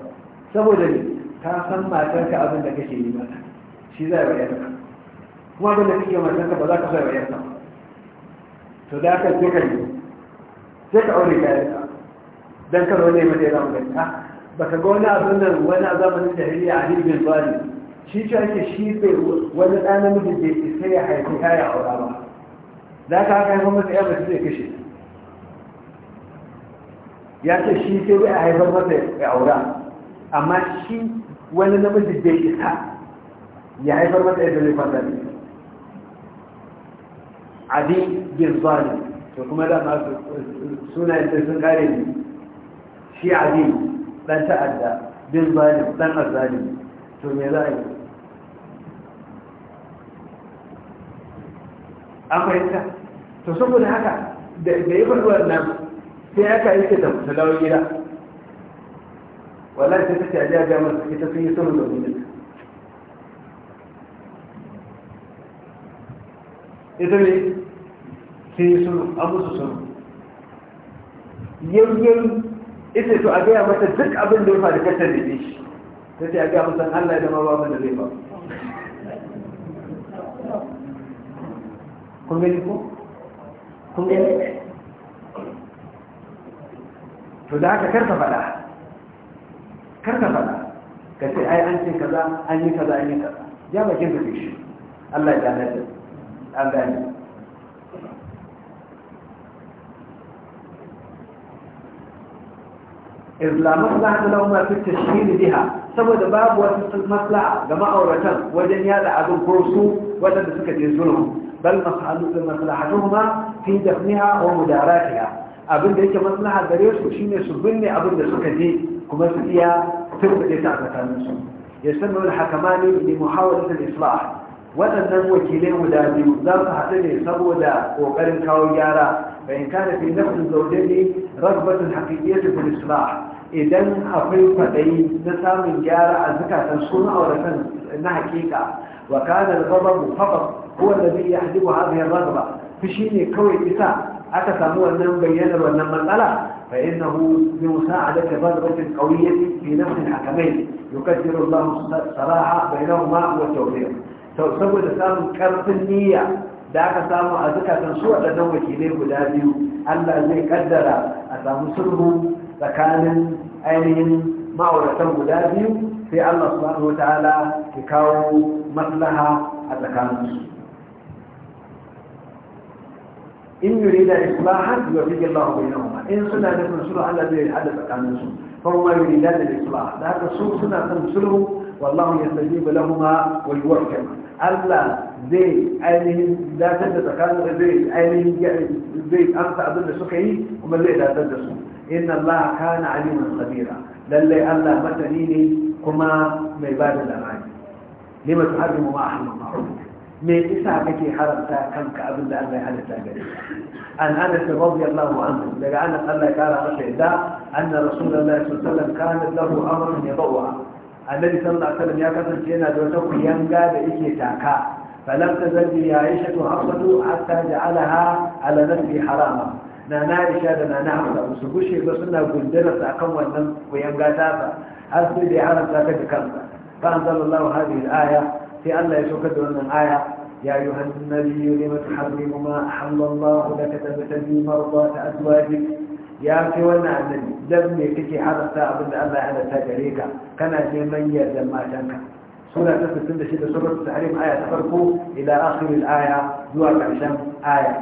saboda ne ka san matarka abin da kake yi mata shi zai wa yanka kuma abin da kake matanka ba za ka zai wa yanka to da aka sai ka yi sai ka aure ka yanka dan kar wani mai da zamu ganka baka ga wani abin nan wani a zamanin da jahiliya a bin zalim shi ce ake shi bai wani ɗan namiji bai isa ya haifi kaya a aura ba za ka haka haifar masa ya mace zai kashe ya ce shi sai bai a haifar masa ya aura amma shi wani namiji da ke sa. ya haifar mata yadda zai fata ne abi girzani to kuma da su suna yadda sun kare ne shi abi dan ta'adda bin zalim dan azali to me za a yi Akwai fahimta to saboda haka da yi farfawar nan sai haka yake da talawar gida wallahi sai ta ce a jiya jami'ar ta sun yi saman domin ita ne sai sun amusu sun yanyan ita to a gaya mata duk abin da ya faru kata da shi ta ce a gaya musan allah ya zama babu da zai ba kun gani ko? kun gani to da haka karka faɗa karka faɗa ka ce ai an ce kaza an yi kaza an yi kaza ya bakin ka shi allah ya na da أبدا إذ لا مصلحة لهما في التشهير بها سوى دباب وتصل مصلحة لما أورتن وجنيا لعدم فرسو وجن بسكة يزولهم بل مصلحتهما في دفنها ومداراتها أبن ذلك مصلحة بريوش وشين يسبني أبن بسكة دي كما سكيا في البديت عبتان نسو يسمى الحكمان لمحاولة الإصلاح waɗannan wakilai guda biyu za su haɗu ne saboda ƙoƙarin kawo gyara bayan kana fi nafsin zaune ne ragbatin haƙiƙiyar fil islam idan akwai kwaɗayi na samun gyara a zukatan sun auratan na haƙiƙa wa kana al-ghadab faqat huwa alladhi yahdimu hadhihi ar-raghba shi ne kawai isa aka samu wannan bayyanar wannan matsala فإنه بمساعدة رغبة قوية في نفس الحكمين يكثر الله الصلاح بينهما والتوفيق saboda samun karfin niyya da aka samu a zukatan su waɗannan wakilai guda biyu allah zai kaddara a samu sulhu tsakanin ainihin ma'auratan guda biyu sai allah subhanahu wa ta'ala ya kawo maslaha a tsakaninsu in yurida islahan yuwaffiqu Allahu bainahuma in suna nufin sulhu Allah zai hada tsakaninsu fa huma yuridana al-islah da haka su suna son sulhu والله يستجيب لهما ويوحكما ألا زيت اله لا تجد تقالغ زيت اله زيت أمسى أدل سخي وما اللي لا تجد إن الله كان عليما خبيرا للي ألا متنيني كما ميبان الأمان لما تحرم ما احرم ما من إساء بك حرمتا كم كأبن الله أنه يحدث أن أنس رضي الله عنه لقد أنس الله قال رسول الله أن رسول الله صلى الله عليه وسلم كانت له أمر يضوع annabi sallallahu alaihi wasallam ya kasance yana da wata kuyanga da yake taka falam tazal ya aisha to hafsatu hatta ja'alaha ala nafsi harama na na aisha da na na hafsa su gushe ba suna gundura sa kan wannan kuyanga ta sa har sai da ya haramta ta da kansa fa anzalallahu hadhihi al-aya sai Allah ya saukar da wannan aya يا أيها النبي لم تحرم ما أحل الله لك تبتغي مرضات أزواجك ya fi wannan annabi dan me kake haramta abinda Allah ya halatta gare ka kana neman yardan matanka sura ta 66 sura ta tahrim aya ta farko ila akhir al-aya zuwa karshen aya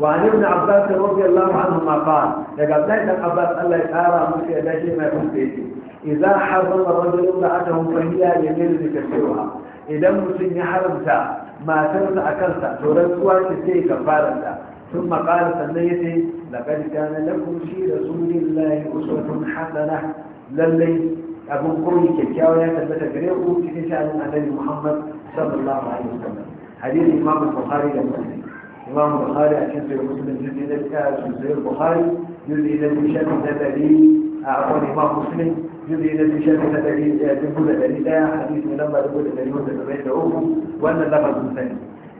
وعن ابن عباس رضي الله عنهما قال لقد ابن عباس الله يتعالى مسيح داشي ما يكون بيتي إذا حرم رجل امرأته فهي يميل لكثيرها إذا مسلم حرمتها ما تنسى أكلتها تورثها تسيك فارتها ثم قال سنيتي لقد كان لكم في رسول الله أسوة حسنة للي أبو قوي كيكاوة تبت قريبه في شأن النبي محمد صلى الله عليه وسلم حديث الإمام البخاري للمسلم الإمام البخاري أكيد في مسلم جزء إلى سيد البخاري جزء إلى الشام النبوي عفوا الإمام مسلم جزء إلى الشام النبوي تقول الدليل حديث من لما تقول الدليل وتتبين له وأن لفظ ثاني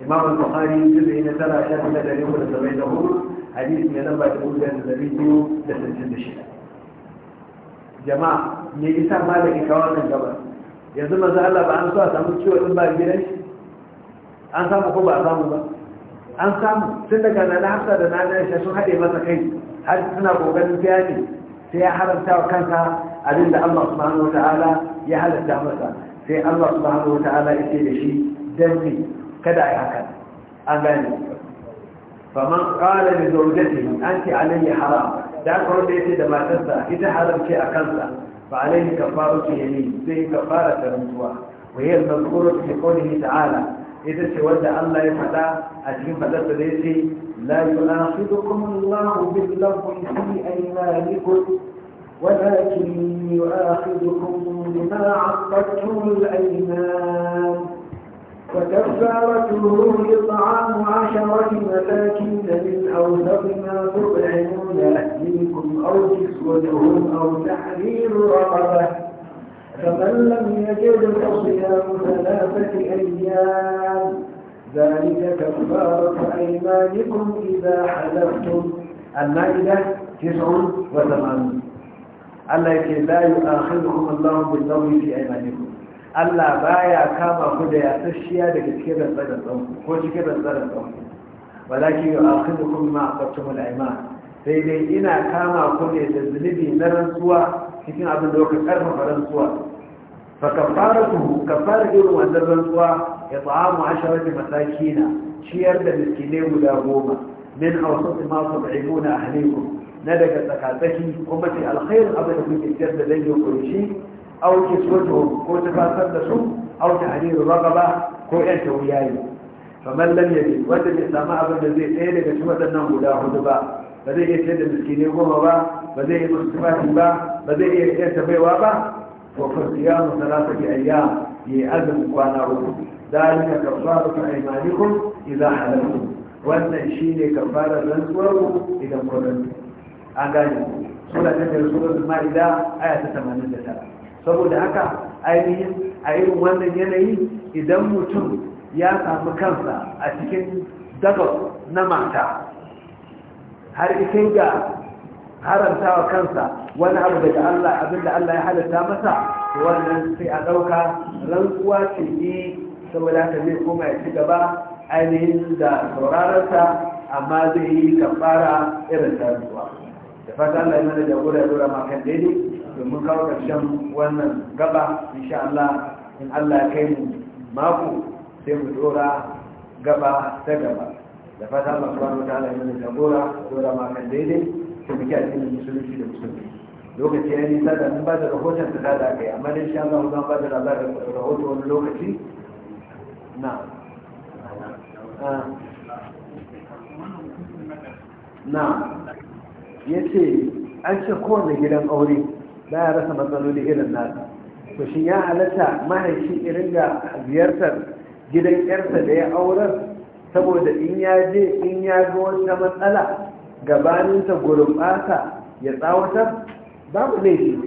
imam al-bukhari juzu na tara shafi na dari uku da saba'in da hudu hadisi mai lamba da hudu da dari biyu da sittin da shida jama'a me isa malami ka wannan gaba yanzu manzo Allah ba an so a samu ciwo din ba gidan shi an samu ko ba a samu ba an samu tun daga nana hafsa da na aisha sun haɗe masa kai har suna kokarin fiya ne sai ya haramta wa kansa abin da Allah subhanahu wa ta'ala ya halatta masa sai Allah subhanahu wa ta'ala ya ce da shi dan كذا حكم أغاني فمن قال لزوجته أنت علي حرام ذاك رديتي ما تنسى إذا حرمت أكنسى فعليه كفارة يمين زي كفارة المتوى وهي المذكورة في قوله تعالى إذا سود الله يفتى أجهم فتى ديتي لا يناقضكم الله باللغو في أيمانكم ولكن يؤاخذكم بما عقدتم الأيمان فكفارته إطعام عشرة مساكين من أوسط ما تطعمون أهليكم أو كسوتهم أو تحرير رقبة فمن لم يجد فصيام ثلاثة أيام ذلك كفارة أيمانكم إذا حلفتم المائدة تسع وثمانون الله لا يؤاخذكم الله باللغو في أيمانكم Allah baya kama ku da yasasshiya daga cikin rantsarar tsanku ko cikin rantsarar tsanku walakin yau a kan hukun ma a kwacin mul'aima sai dai ina kama ku ne da zunubi na rantsuwa cikin abin da kuka karfafa rantsuwa fa kafaratu kafara irin wannan rantsuwa ya ta'amu asharati na. ciyar da miskinai guda goma min awsat ma tud'imuna ahlikum na daga tsakatsaki kuma ce alkhairun abin da kuke ciyar da dangin ku shi auki soto ko tafasar da su auki hadirin ragaba ko yanke wuya yi kamar lamari wanda bai samu abin da zai tsaye daga cikin waɗannan guda hudu ba ba zai iya tsaye da miskini goma ba ba zai iya musulmi ba ba zai iya tsaye da baiwa ba ko kuma ya musala ta ke ayya ya yi azin kwana hudu zai ka karfa da kuma imanikun idan halarku wannan shi ne karfa da rantsuwarku idan kwanan an gani suna ta karfa da ma'ida a yata 89 saboda haka ainihin a irin wannan yanayi idan mutum ya samu kansa a cikin dabar na mata har ikai ga harantawa kansa wani abu daga Allah abinda Allah ya halatta masa wannan sai a ɗauka rantsuwa ce ne saboda haka zai koma ya ci gaba ainihin da sauraronsa amma zai yi kafara irin ta rantsuwa da fata Allah ya mana jagora ya dora makan daidai da mun kawo ƙarshen wannan gaba insha Allah in Allah ya kai mu mako sai mu dora gaba ta gaba da fata Allah subhanahu wa ta'ala ya mana gora, dora ma kan daidai sai muke cikin musulunci da musulunci. lokaci ya nisa da mun ba da rahoton da za kai amma dai insha Allah zan ba da labarin rahoton wani lokaci na ah. na ya ce an ce kowane gidan aure ba ya rasa matsaloli irin nasa to shi ya halatta mahaifi irin ga ziyartar gidan yarsa da ya aurar saboda in ya je in ya ga wata matsala gabanin ta gurɓata ya tsawatar babu laifi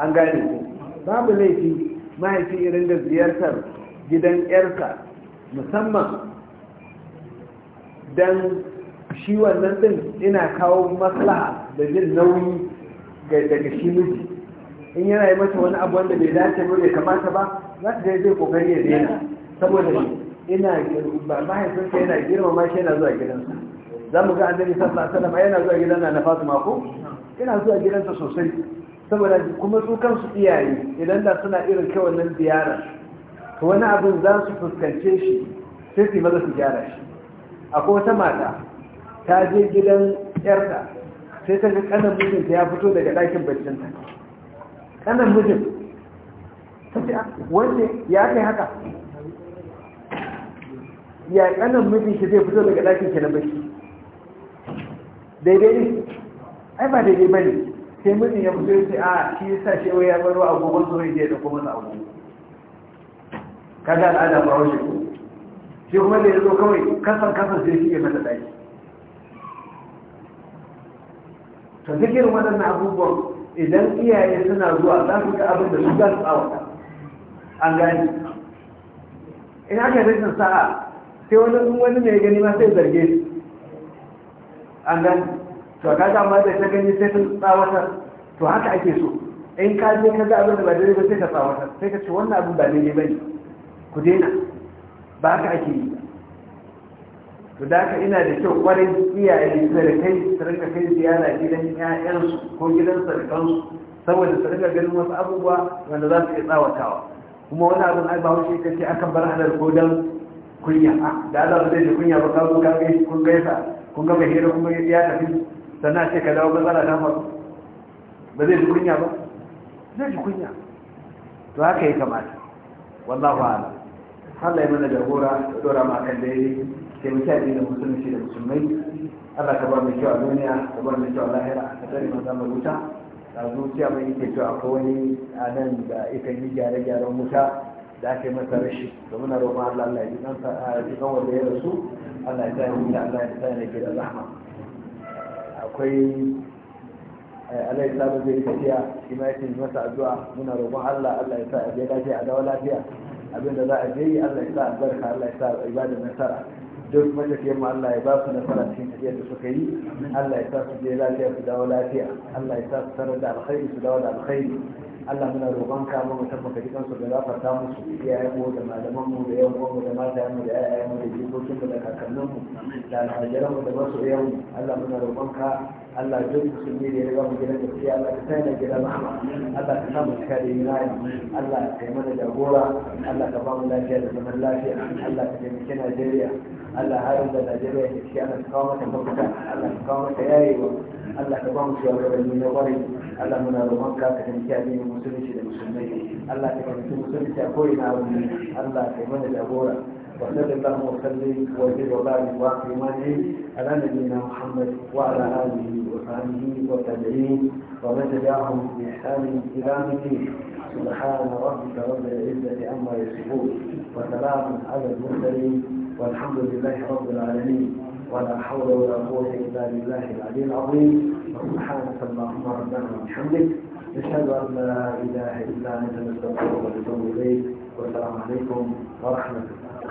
an gane ku babu laifi mahaifi irin da ziyartar gidan yarsa musamman dan shi wannan din ina kawo maslaha da jin nauyi daga shi miji in yana yi mata wani abu wanda bai dace ba bai kamata ba za ta zai kokari ya daina saboda ina mahaifinsa yana girmama shi yana zuwa gidansa za mu ga annabi sassa a wasallam yana zuwa gidan na Fatima mako? yana zuwa gidansa sosai saboda kuma su kansu iyaye idan da suna irin kai wannan ziyara to wani abin za su fuskance shi sai su maza su gyara shi akwai wata mata ta je gidan yarta sai ta ga kanan mijinta ya fito daga ɗakin baccinta kanan mijin ta ce ah, wanne ya kai haka ya kanan mijin shi zai fito daga ɗakin ke na bacci daidai ne ai ba daidai ba ne sai mijin ya fito ya a ah, shi sa shi ya baro agogon soyayya da kuma na masa agogon kaga al'ada ba wajen shi kuma da ya zo kawai kasan kasan sai shi ya mata ɗaki ka zikirin waɗannan abubuwan idan iyaye suna zuwa za su ga abin da su ga su tsawata an gani in aka rikin sa'a sai wani wani mai gani ma sai zarge su an gani to ka ga amma da ta gani sai ta tsawata, to haka ake so in ka je ka ga abin da ba daidai ba sai ka tsawata, sai ka ce wannan abin ba daidai ba ne ku daina ba haka ake yi to da haka ina da kyau kwarai iyaye sarkai su rinka kai ziyara gidan 'ya'yansu ko gidan sarkansu saboda su rinka ganin wasu abubuwa wanda za su iya tsawatawa kuma wani abin na ba wuce kace akan bar halar ko dan kunya a da Allah zai ji kunya ba kawo ka ga kun gaisa kun ga bai hira kuma ya tafi sannan ce ka dawo matsala ta faru ba zai ji kunya ba zai ji kunya to haka ya kamata wallahu a'lam Allah ya mana jagora da dora ma kan da yake taimaki addinin musulunci da musulmai Allah ka ba mai kyau a duniya ka ba mai kyau a lahira ka tsare maza mai wuta a zuciya mai yake cewa akwai wani anan da ita yi gyare-gyaren wuta da aka yi masa rashi da muna roƙon Allah Allah ya ji kan wanda ya rasu Allah ya sa ya wuta Allah ya sa ya ke da rahama akwai eh, Allah ya sa ba zai tafiya shi ma yake masa addu'a muna roƙon Allah Allah ya sa a je lafiya a dawo lafiya abinda za a je yi Allah ya sa albarka Allah ya sa ibadar nasara duk mallakiyar mu Allah ya ba su nasara cikin tafiyar da suka yi Allah ya sa su je lafiya su dawo lafiya Allah ya sa su tarar da alkhairi su dawo da alkhairi Allah muna roƙon ka mu musamman ka su da gafarta musu iyayen mu da malaman mu da yan uwan mu da mata mu da yayayen mu da jikokin mu da kakannin mu da alhajiran mu da masoyan mu Allah muna roƙon ka Allah duk musulmi da ya riga mu gidan da gaskiya Allah ka sai na gidan rahama Allah ka sa mu cika da imani Allah ka yi mana jagora Allah ka ba mu lafiya da zaman lafiya Allah ka taimaki Najeriya Allah harin da Najeriya ke ciki ana kawo mata mafita Allah ka kawo mata yayewa الله تبارك وتعالى من يغري الله من المنكر كان كان من للمسلمين الله تبارك وتعالى مسلمين تقوينا الله كمن الأبورة وصلى الله وسلم وزيد وبارك وأكرم على نبينا محمد وعلى آله وصحبه وتابعين ومن تبعهم بإحسان إلى الدين سبحان ربك رب العزة عما يصفون وسلام على المرسلين والحمد لله رب العالمين ولا حول ولا قوة إلا بالله العلي العظيم سبحانك اللهم ربنا وبحمدك نشهد أن لا إله إلا أنت نستغفرك ونتوب إليك والسلام عليكم ورحمة الله